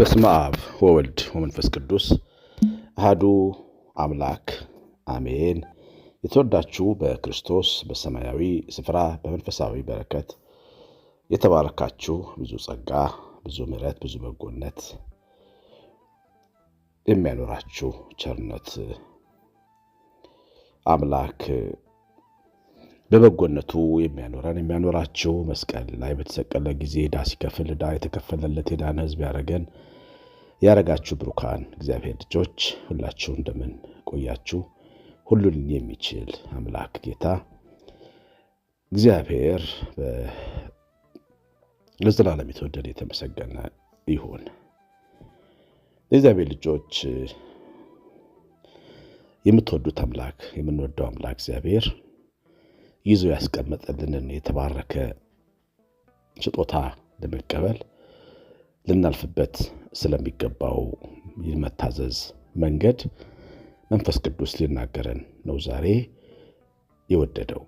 በስመ አብ ወወልድ ወመንፈስ ቅዱስ አህዱ አምላክ አሜን። የተወዳችሁ በክርስቶስ በሰማያዊ ስፍራ በመንፈሳዊ በረከት የተባረካችሁ ብዙ ጸጋ፣ ብዙ ምሕረት፣ ብዙ በጎነት የሚያኖራችሁ ቸርነት አምላክ በበጎነቱ የሚያኖረን የሚያኖራቸው መስቀል ላይ በተሰቀለ ጊዜ ዕዳ ሲከፍል ዕዳ የተከፈለለት የዳነ ሕዝብ ያደረገን ያረጋችሁ ብሩካን እግዚአብሔር ልጆች ሁላችሁ እንደምን ቆያችሁ? ሁሉን የሚችል አምላክ ጌታ እግዚአብሔር ለዘላለም የተወደደ የተመሰገነ ይሁን። የእግዚአብሔር ልጆች የምትወዱት አምላክ የምንወደው አምላክ እግዚአብሔር ይዞ ያስቀመጠልንን የተባረከ ስጦታ ለመቀበል ልናልፍበት ስለሚገባው የመታዘዝ መንገድ መንፈስ ቅዱስ ሊናገረን ነው ዛሬ የወደደው።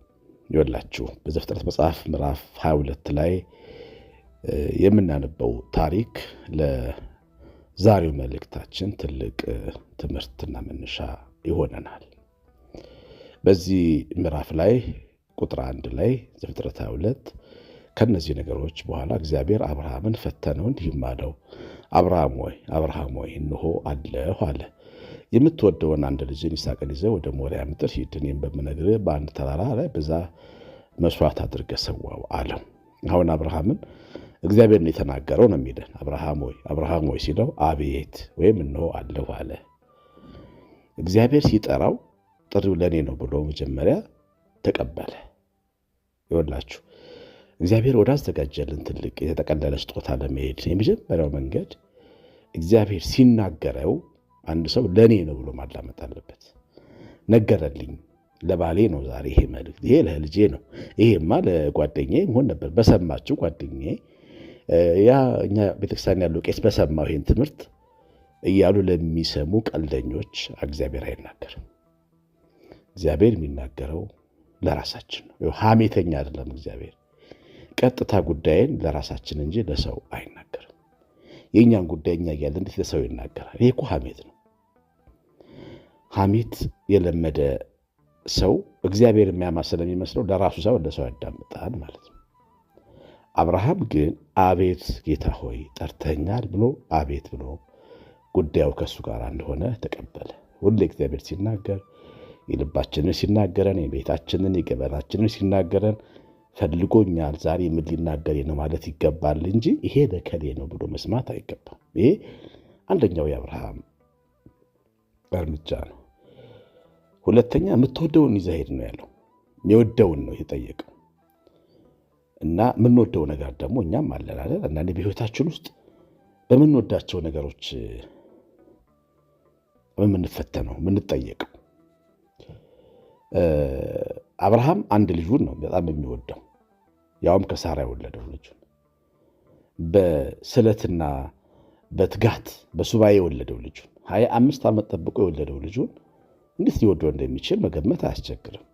ይወላችሁ በዘፍጥረት መጽሐፍ ምዕራፍ 22 ላይ የምናነበው ታሪክ ለዛሬው መልእክታችን ትልቅ ትምህርትና መነሻ ይሆነናል። በዚህ ምዕራፍ ላይ ቁጥር አንድ ላይ ዘፍጥረት 22 ከነዚህ ነገሮች በኋላ እግዚአብሔር አብርሃምን ፈተነው እንዲህም አለው፣ አብርሃም ወይ አብርሃም ወይ እንሆ አለሁ አለ። የምትወደውን አንድ ልጅን ይስሐቅን ይዘህ ወደ ሞሪያ ምድር ሂድ፣ እኔም በምነግርህ በአንድ ተራራ ላይ በዛ መስዋዕት አድርገህ ሰዋው አለው። አሁን አብርሃምን እግዚአብሔር የተናገረው ነው የሚለን። አብርሃም ወይ አብርሃም ወይ ሲለው አቤት ወይም እንሆ አለሁ አለ። እግዚአብሔር ሲጠራው ጥሪው ለእኔ ነው ብሎ መጀመሪያ ተቀበለ። ይወላችሁ እግዚአብሔር ወዳዘጋጀልን ትልቅ የተጠቀለለ ስጦታ ለመሄድ የመጀመሪያው መንገድ እግዚአብሔር ሲናገረው አንድ ሰው ለእኔ ነው ብሎ ማዳመጥ አለበት። ነገረልኝ ለባሌ ነው ዛሬ ይሄ መልእክት፣ ይሄ ለልጄ ነው፣ ይሄማ ለጓደኛ መሆን ነበር። በሰማችው ጓደኛ ያ እኛ ቤተክርስቲያን ያለው ቄስ በሰማው ይሄን ትምህርት እያሉ ለሚሰሙ ቀልደኞች እግዚአብሔር አይናገርም። እግዚአብሔር የሚናገረው ለራሳችን ነው። ሀሜተኛ አይደለም። እግዚአብሔር ቀጥታ ጉዳይን ለራሳችን እንጂ ለሰው አይናገርም። የእኛን ጉዳይ እኛ እያለ እንዴት ለሰው ይናገራል? ይህ እኮ ሀሜት ነው። ሀሜት የለመደ ሰው እግዚአብሔር የሚያማ ስለሚመስለው ለራሱ ሰው ለሰው ያዳምጣል ማለት ነው። አብርሃም ግን አቤት ጌታ ሆይ ጠርተኛል ብሎ አቤት ብሎ ጉዳዩ ከእሱ ጋር እንደሆነ ተቀበለ። ሁሌ እግዚአብሔር ሲናገር የልባችንን ሲናገረን የቤታችንን የገበናችንን ሲናገረን ፈልጎኛል ዛሬ ምን ሊናገር ነው ማለት ይገባል እንጂ ይሄ ለከሌ ነው ብሎ መስማት አይገባም። ይሄ አንደኛው የአብርሃም እርምጃ ነው። ሁለተኛ የምትወደውን ይዘህ ሂድ ነው ያለው። የወደውን ነው የጠየቀው እና የምንወደው ነገር ደግሞ እኛም አለን አይደል? አንዳንዴ በሕይወታችን ውስጥ በምንወዳቸው ነገሮች የምንፈተነው የምንጠየቀው። አብርሃም አንድ ልጁን ነው በጣም የሚወደው ያውም ከሳራ የወለደው ልጁን በስለትና በትጋት በሱባኤ የወለደው ልጁን ሀያ አምስት ዓመት ጠብቆ የወለደው ልጁን እንዴት ሊወደው እንደሚችል መገመት አያስቸግርም።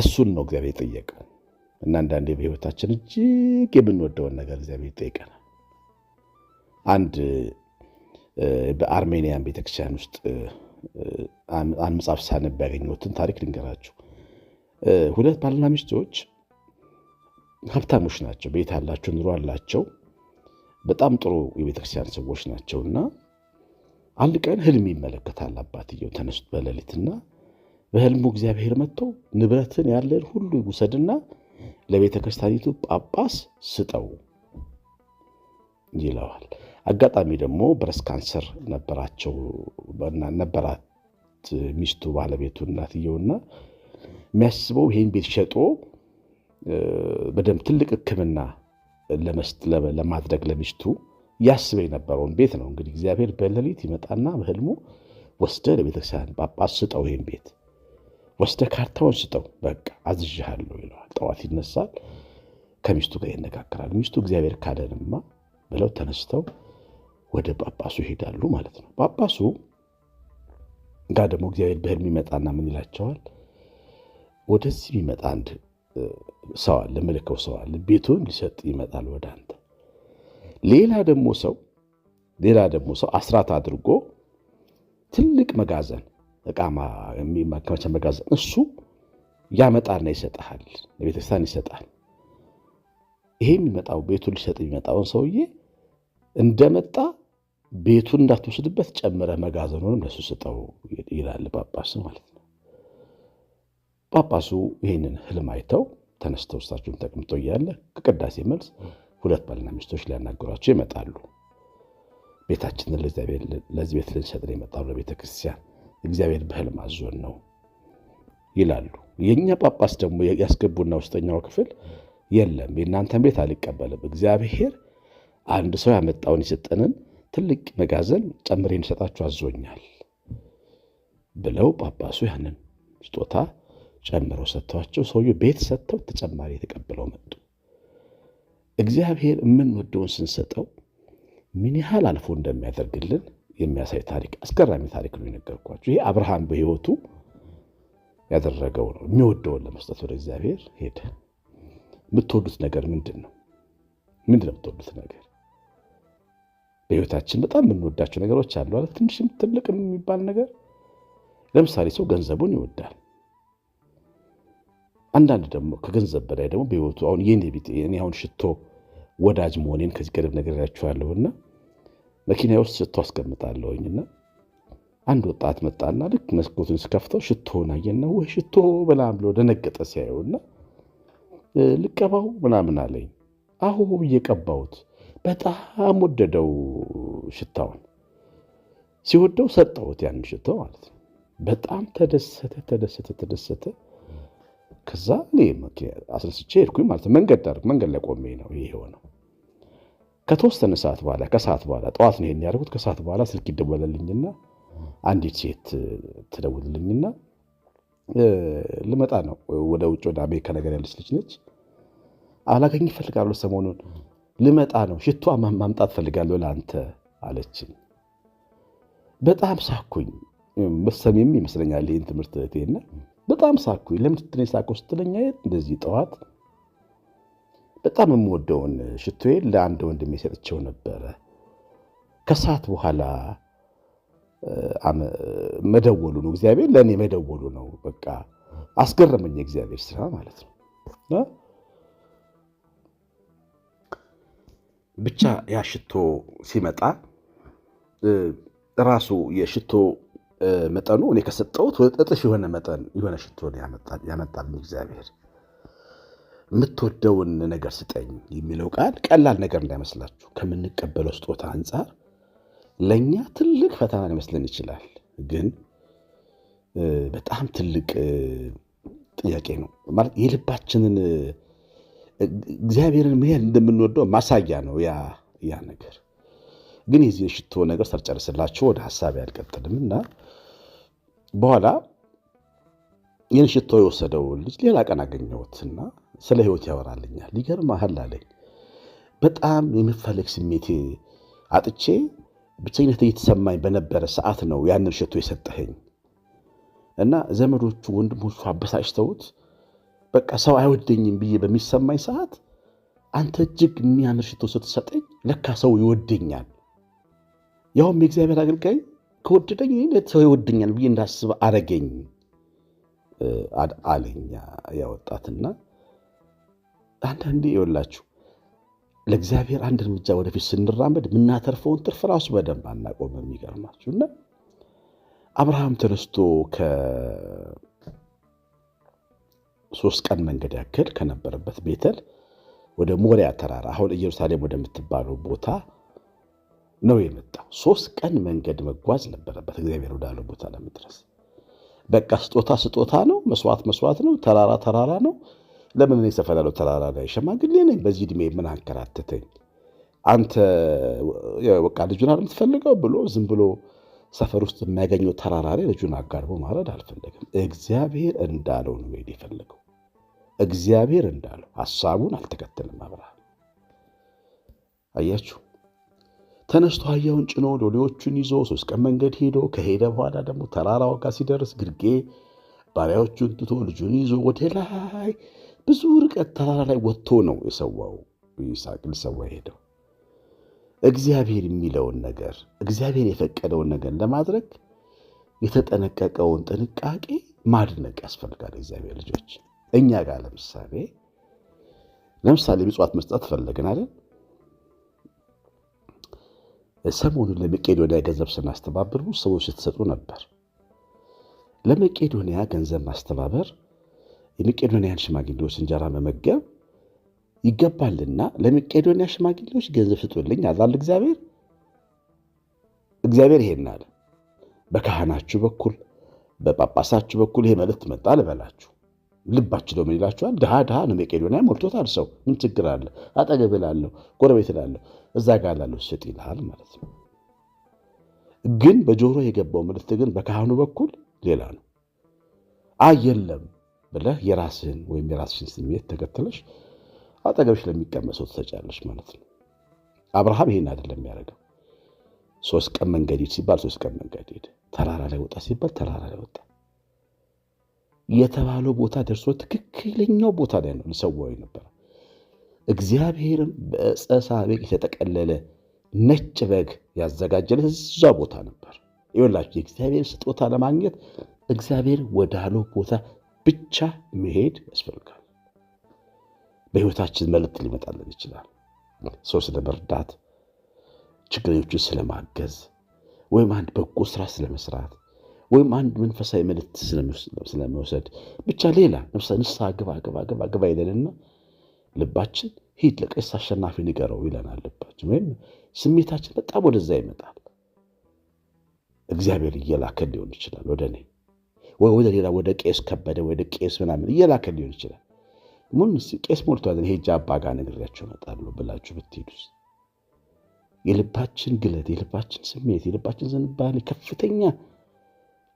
እሱን ነው እግዚአብሔር ጠየቀው እና አንዳንዴ በህይወታችን እጅግ የምንወደውን ነገር እግዚአብሔር ይጠይቀናል። አንድ በአርሜኒያን ቤተክርስቲያን ውስጥ አንድ መጽሐፍ ሳነብ ያገኘሁትን ታሪክ ልንገራችሁ። ሁለት ባልና ሚስቶች ሀብታሞች ናቸው። ቤት አላቸው፣ ኑሮ አላቸው። በጣም ጥሩ የቤተክርስቲያን ሰዎች ናቸውና አንድ ቀን ህልም ይመለከታል አባትየው ተነስቶ በሌሊትና በህልሙ እግዚአብሔር መጥቶ ንብረትን ያለን ሁሉ ውሰድና ለቤተ ክርስቲያኒቱ ጳጳስ ስጠው ይለዋል። አጋጣሚ ደግሞ ብረስ ካንሰር ነበራቸው ነበራት ሚስቱ ባለቤቱ እናትየውና የሚያስበው ይህን ቤት ሸጦ በደንብ ትልቅ ሕክምና ለማድረግ ለሚስቱ ያስበ የነበረውን ቤት ነው። እንግዲህ እግዚአብሔር በሌሊት ይመጣና በህልሙ ወስደ ለቤተክርስቲያን ጳጳስ ስጠው፣ ይህን ቤት ወስደ ካርታውን ስጠው፣ በቃ አዝዣሃለሁ ይለዋል። ጠዋት ይነሳል፣ ከሚስቱ ጋር ይነጋገራል። ሚስቱ እግዚአብሔር ካለንማ ብለው ተነስተው ወደ ጳጳሱ ይሄዳሉ ማለት ነው። ጳጳሱ ጋር ደግሞ እግዚአብሔር በህልም ይመጣና ምን ይላቸዋል? ወደዚህ የሚመጣ አንድ ሰው አለ፣ መልከው ሰው አለ፣ ቤቱን ሊሰጥ ይመጣል ወደ አንተ። ሌላ ደግሞ ሰው ሌላ ደግሞ ሰው አስራት አድርጎ ትልቅ መጋዘን እቃማ ማከማቻ መጋዘን እሱ ያመጣና ይሰጥሃል፣ ለቤተክርስቲያን ይሰጣል። ይሄ የሚመጣው ቤቱን ሊሰጥ የሚመጣውን ሰውዬ እንደመጣ ቤቱን እንዳትወስድበት ጨምረህ መጋዘኑንም ለሱ ስጠው ይላል ጳጳስ ማለት ነው። ጳጳሱ ይህንን ህልም አይተው ተነስተው እሳቸውን ተቀምጦ እያለ ከቅዳሴ መልስ ሁለት ባልና ሚስቶች ሊያናገሯቸው ይመጣሉ። ቤታችንን ለዚህ ቤት ልንሰጥ የመጣው ለቤተ ክርስቲያን እግዚአብሔር በህልም አዞን ነው ይላሉ። የእኛ ጳጳስ ደግሞ ያስገቡና ውስጠኛው ክፍል የለም የእናንተን ቤት አልቀበልም፣ እግዚአብሔር አንድ ሰው ያመጣውን የሰጠንን ትልቅ መጋዘን ጨምሬ እንድሰጣችሁ አዞኛል ብለው ጳጳሱ ያንን ስጦታ ጨምረው ሰጥተዋቸው ሰውየው ቤት ሰጥተው ተጨማሪ የተቀብለው መጡ። እግዚአብሔር የምንወደውን ስንሰጠው ምን ያህል አልፎ እንደሚያደርግልን የሚያሳይ ታሪክ አስገራሚ ታሪክ ነው የነገርኳቸው። ይሄ አብርሃም በሕይወቱ ያደረገው ነው። የሚወደውን ለመስጠት ወደ እግዚአብሔር ሄደ። የምትወዱት ነገር ምንድን ነው? ምንድን ነው የምትወዱት ነገር? በህይወታችን በጣም የምንወዳቸው ነገሮች አሉ አለ ትንሽም ትልቅ የሚባል ነገር። ለምሳሌ ሰው ገንዘቡን ይወዳል። አንዳንድ ደግሞ ከገንዘብ በላይ ደግሞ በህይወቱ አሁን የኔ ቢጤ እኔ አሁን ሽቶ ወዳጅ መሆኔን ከዚህ ቀደም እና መኪና ውስጥ ሽቶ እና አንድ ወጣት መጣና ልክ መስኮቱን ስከፍተው ሽቶውን አየና ወይ ሽቶ በላም ብሎ ደነገጠ። ሲያየውና ልቀባው ምናምን አለኝ። አሁ ብዬ ቀባሁት። በጣም ወደደው ሽታውን። ሲወደው ሰጠውት ያን ሽታው ማለት ነው። በጣም ተደሰተ ተደሰተ ተደሰተ። ከዛ አስነስቼ ሄድኩኝ ማለት ነው። መንገድ ዳር መንገድ ላይ ቆሜ ነው ይሄ የሆነው። ከተወሰነ ሰዓት በኋላ ከሰዓት በኋላ ጠዋት ነው ይሄን ያደርጉት። ከሰዓት በኋላ ስልክ ይደወለልኝና አንዲት ሴት ትደውልልኝና ልመጣ ነው ወደ ውጭ ወደ አሜሪካ ነገር ያለች ልጅ ነች። አላገኝ ይፈልጋሉ ሰሞኑን ልመጣ ነው፣ ሽቷ ማምጣት ፈልጋለሁ ለአንተ አለችኝ። በጣም ሳኩኝ። መሰሜም ይመስለኛል ይህን ትምህርት እህቴና በጣም ሳኩኝ። ለምትትኔ ሳኮ ስትለኛ እንደዚህ ጠዋት በጣም የምወደውን ሽቶዬ ለአንድ ወንድሜ ሰጥቼው ነበረ። ከሰዓት በኋላ መደወሉ ነው እግዚአብሔር ለእኔ መደወሉ ነው። በቃ አስገረመኝ፣ እግዚአብሔር ስራ ማለት ነው። ብቻ ያ ሽቶ ሲመጣ ራሱ የሽቶ መጠኑ እኔ ከሰጠሁት እጥፍ የሆነ መጠን የሆነ ሽቶ ያመጣል እግዚአብሔር። የምትወደውን ነገር ስጠኝ የሚለው ቃል ቀላል ነገር እንዳይመስላችሁ። ከምንቀበለው ስጦታ አንጻር ለእኛ ትልቅ ፈተና ሊመስለን ይችላል፣ ግን በጣም ትልቅ ጥያቄ ነው ማለት የልባችንን እግዚአብሔርን መሄድ እንደምንወደው ማሳያ ነው ያ ያ ነገር። ግን የዚህ የሽቶ ነገር ሳልጨርስላችሁ ወደ ሀሳብ ያልቀጥልም እና በኋላ ይህን ሽቶ የወሰደው ልጅ ሌላ ቀን አገኘሁትና ስለ ሕይወት ያወራልኛል። ይገርምሃል አለኝ። በጣም የመፈለግ ስሜት አጥቼ ብቸኝነት እየተሰማኝ በነበረ ሰዓት ነው ያንን ሽቶ የሰጠኸኝ እና ዘመዶቹ ወንድሞቹ አበሳጭተውት በቃ ሰው አይወደኝም ብዬ በሚሰማኝ ሰዓት አንተ እጅግ የሚያምር ሽቶ ስትሰጠኝ ለካ ሰው ይወደኛል፣ ያውም የእግዚአብሔር አገልጋይ ከወደደኝ ሰው ይወደኛል ብዬ እንዳስብ አረገኝ አለኛ ያወጣትና አንዳንዴ ይወላችሁ ለእግዚአብሔር አንድ እርምጃ ወደፊት ስንራመድ የምናተርፈውን ትርፍ ራሱ በደንብ አናቆም። እና አብርሃም ተነስቶ ሶስት ቀን መንገድ ያክል ከነበረበት ቤተል ወደ ሞሪያ ተራራ አሁን ኢየሩሳሌም ወደምትባለው ቦታ ነው የመጣው። ሶስት ቀን መንገድ መጓዝ ነበረበት እግዚአብሔር ወዳለው ቦታ ለመድረስ። በቃ ስጦታ ስጦታ ነው፣ መስዋዕት መስዋዕት ነው፣ ተራራ ተራራ ነው። ለምን እኔ ሰፈር ያለው ተራራ ላይ ሸማግሌ ነኝ፣ በዚህ ዕድሜ ምን አንከራተተኝ? አንተ በቃ ልጁን የምትፈልገው ብሎ ዝም ብሎ ሰፈር ውስጥ የሚያገኘው ተራራ ላይ ልጁን አጋርቦ ማረድ አልፈለግም። እግዚአብሔር እንዳለው ነው የፈለገው። እግዚአብሔር እንዳለው ሐሳቡን አልተከተለም አብርሃም። አያችሁ፣ ተነስቶ አህያውን ጭኖ ሎሌዎቹን ይዞ ሶስት ቀን መንገድ ሄዶ ከሄደ በኋላ ደግሞ ተራራው ጋር ሲደርስ ግርጌ ባሪያዎቹን ትቶ ልጁን ይዞ ወደ ላይ ብዙ ርቀት ተራራ ላይ ወጥቶ ነው የሰዋው። ይስሐቅ ሊሰዋ ሄደው እግዚአብሔር የሚለውን ነገር እግዚአብሔር የፈቀደውን ነገር ለማድረግ የተጠነቀቀውን ጥንቃቄ ማድነቅ ያስፈልጋል። እግዚአብሔር ልጆች እኛ ጋር ለምሳሌ ለምሳሌ ምጽዋት መስጠት ፈለግን አይደል? ሰሞኑን ለመቄዶንያ ገንዘብ ስናስተባብሩ ብዙ ሰዎች ስትሰጡ ነበር። ለመቄዶንያ ገንዘብ ማስተባበር የመቄዶንያን ሽማግሌዎች እንጀራ መመገብ ይገባልና ለመቄዶንያ ሽማግሌዎች ገንዘብ ስጡልኝ አዛል እግዚአብሔር። እግዚአብሔር ይሄን አለ። በካህናችሁ በኩል በጳጳሳችሁ በኩል ይሄ መልእክት መጣ ልበላችሁ ልባችሁ ደግሞ ይላችኋል። ድሃ ድሃ ነው፣ መቄዶንያ ሞልቶታል ሰው። ምን ችግር አለ? አጠገብ ላለሁ ጎረቤት ላለሁ እዛ ጋር ላለሁ ስጥ ይልሃል ማለት ነው። ግን በጆሮ የገባው መልእክት ግን በካህኑ በኩል ሌላ ነው። አይ የለም ብለህ የራስህን ወይም የራስሽን ስሜት ተከተለሽ አጠገብሽ ለሚቀመሰው ትሰጫለሽ ማለት ነው። አብርሃም ይሄን አይደለም የሚያደርገው። ሶስት ቀን መንገድ ሂድ ሲባል ሶስት ቀን መንገድ ሄደ። ተራራ ላይ ወጣ ሲባል ተራራ ላይ ወጣ። የተባለው ቦታ ደርሶ ትክክለኛው ቦታ ላይ ነው ሊሰዋው የነበረ። እግዚአብሔርም በዕፀ ሳቤቅ የተጠቀለለ ነጭ በግ ያዘጋጀለት እዛ ቦታ ነበር። ይወላችሁ የእግዚአብሔር ስጦታ ለማግኘት እግዚአብሔር ወዳለው ቦታ ብቻ መሄድ ያስፈልጋል። በሕይወታችን መልእክት ሊመጣልን ይችላል። ሰው ስለ መርዳት፣ ችግረኞችን ስለማገዝ ወይም አንድ በጎ ስራ ስለመስራት ወይም አንድ መንፈሳዊ መልእክት ስለመውሰድ ብቻ ሌላ ንስሐ ግባ ግባ ግባ ግባ ይለንና ልባችን ሂድ ለቀሲስ አሸናፊ ንገረው ይለናል። ልባችን ወይም ስሜታችን በጣም ወደዛ ይመጣል። እግዚአብሔር እየላከ ሊሆን ይችላል ወደ እኔ ወይ ወደ ሌላ ወደ ቄስ ከበደ ወደ ቄስ ምናምን እየላከ ሊሆን ይችላል። ሙን ቄስ ሞልቷል ሄጄ አባ ጋር ነግሬያቸው እመጣለሁ ብላችሁ ብትሄዱስ? የልባችን ግለት፣ የልባችን ስሜት፣ የልባችን ዝንባሌ ከፍተኛ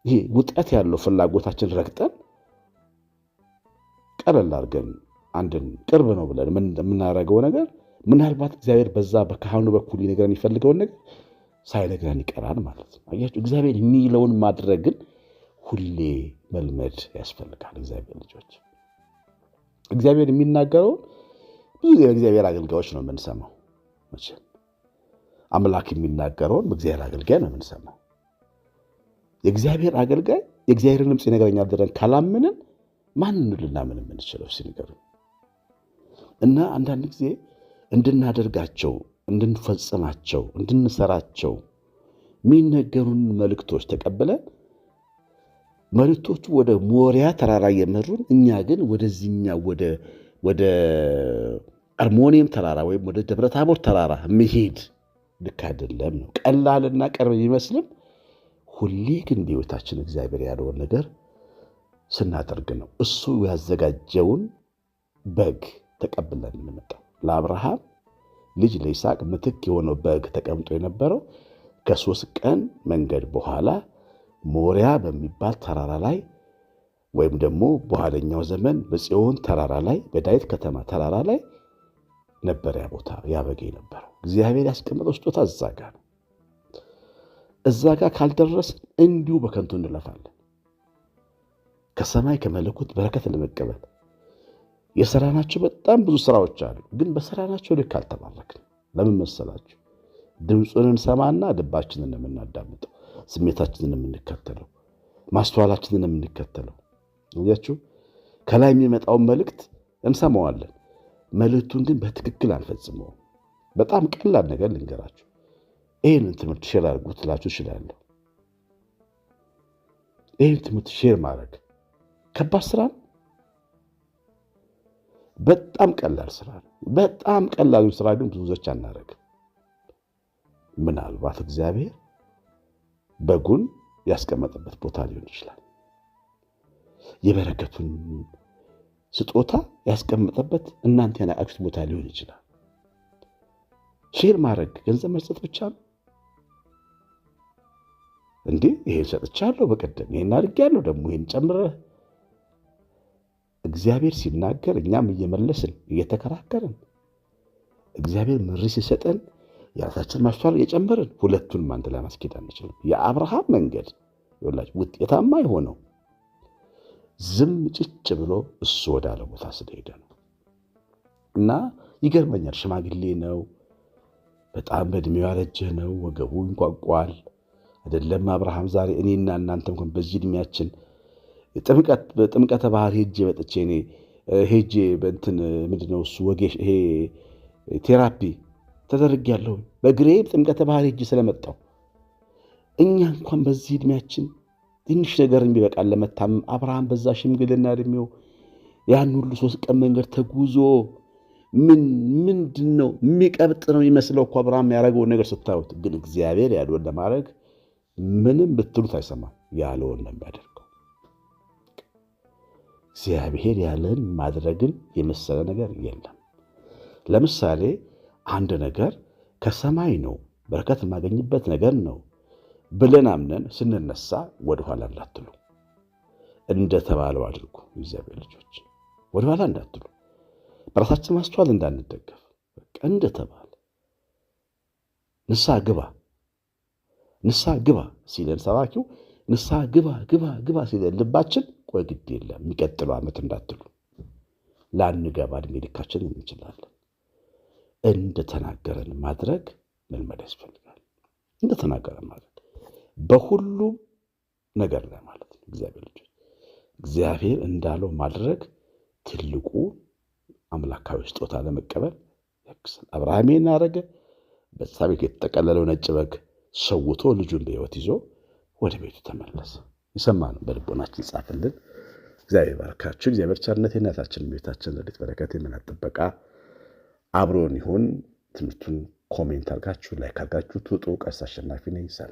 ይሄ ውጠት ያለው ፍላጎታችን ረግጠን ቀለል አድርገን አንድን ቅርብ ነው ብለን የምናደርገው ነገር ምናልባት እግዚአብሔር በዛ በካህኑ በኩል ሊነግረን የሚፈልገውን ነገር ሳይነግረን ይቀራል ማለት ነው። አያችሁ፣ እግዚአብሔር የሚለውን ማድረግን ሁሌ መልመድ ያስፈልጋል። እግዚአብሔር ልጆች፣ እግዚአብሔር የሚናገረውን ብዙ ጊዜ አገልጋዮች ነው የምንሰማው። አምላክ የሚናገረውን በእግዚአብሔር አገልጋይ ነው የምንሰማው። የእግዚአብሔር አገልጋይ የእግዚአብሔርን ድምፅ ይነግረኛል ብለን ካላምንን ማንን ልናምን የምንችለው ሲነገሩን እና አንዳንድ ጊዜ እንድናደርጋቸው፣ እንድንፈጽማቸው፣ እንድንሰራቸው የሚነገሩን መልእክቶች ተቀብለን መልእክቶቹ ወደ ሞሪያ ተራራ እየመሩን እኛ ግን ወደዚህኛ ወደ አርሞኒየም ተራራ ወይም ወደ ደብረ ታቦር ተራራ መሄድ ልክ አይደለም ነው። ቀላልና ቅርብ ቢመስልም ሁሌ ግን በሕይወታችን እግዚአብሔር ያለውን ነገር ስናደርግ ነው። እሱ ያዘጋጀውን በግ ተቀብለን የምንመጣው ለአብርሃም ልጅ ለይስሐቅ ምትክ የሆነው በግ ተቀምጦ የነበረው ከሶስት ቀን መንገድ በኋላ ሞሪያ በሚባል ተራራ ላይ ወይም ደግሞ በኋለኛው ዘመን በጽዮን ተራራ ላይ በዳዊት ከተማ ተራራ ላይ ነበር ያ ቦታ ያ የነበረው። እግዚአብሔር ያስቀመጠው ስጦታ እዛ ነው። እዛ ጋር ካልደረስን እንዲሁ በከንቱ እንለፋለን። ከሰማይ ከመለኮት በረከት ለመቀበል የሰራናቸው በጣም ብዙ ስራዎች አሉ። ግን በሰራናቸው ልክ አልተባረክን። ለምን መሰላችሁ? ድምፁን እንሰማና ልባችንን የምናዳምጠው፣ ስሜታችንን የምንከተለው፣ ማስተዋላችንን የምንከተለው። እያችሁ ከላይ የሚመጣውን መልእክት እንሰማዋለን። መልእክቱን ግን በትክክል አንፈጽመውም። በጣም ቀላል ነገር ልንገራችሁ ይህንን ትምህርት ሼር አድርጉት ላችሁ እችላለሁ። ይህን ትምህርት ሼር ማድረግ ከባድ ስራ ነው። በጣም ቀላል ስራ ነው። በጣም ቀላሉ ስራ ግን ብዙዎች አናደርግም። ምናልባት እግዚአብሔር በጉን ያስቀመጠበት ቦታ ሊሆን ይችላል። የበረከቱን ስጦታ ያስቀመጠበት እናንተ ያናቃችሁት ቦታ ሊሆን ይችላል። ሼር ማድረግ ገንዘብ መስጠት ብቻ ነው። እንዲህ ይሄን ሰጥቻለሁ፣ በቀደም ይሄን አድርጌያለሁ፣ ደግሞ ይሄን ጨምረህ እግዚአብሔር ሲናገር እኛም እየመለስን እየተከራከርን እግዚአብሔር ምሪ ሲሰጠን የራሳችን ማስተዋል እየጨመርን ሁለቱንም አንድ ላይ ማስኬድ አንችልም። የአብርሃም መንገድ ላ ውጤታማ የሆነው ዝም ጭጭ ብሎ እሱ ወዳለ ቦታ ስለሄደ ነው። እና ይገርመኛል። ሽማግሌ ነው፣ በጣም በእድሜው ያረጀ ነው፣ ወገቡ ይንቋቋል። አይደለም አብርሃም ዛሬ እኔና እናንተ እንኳን በዚህ ዕድሜያችን ጥምቀተ ባህር ሄጄ መጥቼ እኔ ሄጄ በእንትን ምንድነው እሱ ወጌሽ ይሄ ቴራፒ ተደርጌያለሁ። በእግሬ ጥምቀተ ባህር ሄጄ ስለመጣው እኛ እንኳን በዚህ ዕድሜያችን ትንሽ ነገር ቢበቃል ለመታመም፣ አብርሃም በዛ ሽምግልና ዕድሜው ያን ሁሉ ሶስት ቀን መንገድ ተጉዞ ምን ምንድን ነው የሚቀብጥ ነው የሚመስለው እኮ አብርሃም ያደረገውን ነገር ስታዩት፣ ግን እግዚአብሔር ያልሆነ ለማድረግ ምንም ብትሉት አይሰማም። ያለውን ነው የሚያደርገው። እግዚአብሔር ያለን ማድረግን የመሰለ ነገር የለም። ለምሳሌ አንድ ነገር ከሰማይ ነው በረከት የማገኝበት ነገር ነው ብለን አምነን ስንነሳ ወደኋላ እንዳትሉ፣ እንደተባለው አድርጉ። እግዚአብሔር ልጆች ወደኋላ እንዳትሉ፣ በራሳችን ማስተዋል እንዳንደገፍ፣ እንደተባለ ንስሐ ግባ ንስሐ ግባ ሲለን ሰባኪው ንስሐ ግባ ግባ ግባ ሲለን ልባችን ቆይ ግድ የለም የሚቀጥለው ዓመት እንዳትሉ ላንገባ እድሜ ልካችን እንችላለን። እንደተናገረን ማድረግ መልመድ ያስፈልጋል። እንደተናገረን ማድረግ በሁሉም ነገር ላይ ማለት ነው። እግዚአብሔር ልጆች እግዚአብሔር እንዳለው ማድረግ ትልቁ አምላካዊ ስጦታ ለመቀበል ያግዛል። አብርሃም ይህን አደረገ። በተሳቤት የተጠቀለለው ነጭ በግ ሰውቶ ልጁን በህይወት ይዞ ወደ ቤቱ ተመለሰ። የሰማነው በልቦናችን ጻፍልን። እግዚአብሔር ባርካችሁ። እግዚአብሔር ቸርነት የእናታችን ቤታችን ረድኤት በረከት የምናት ጥበቃ አብሮን ይሁን። ትምህርቱን ኮሜንት አርጋችሁ ላይክ አርጋችሁ ትውጡ። ቀሲስ አሸናፊ ነኝ። ሰላም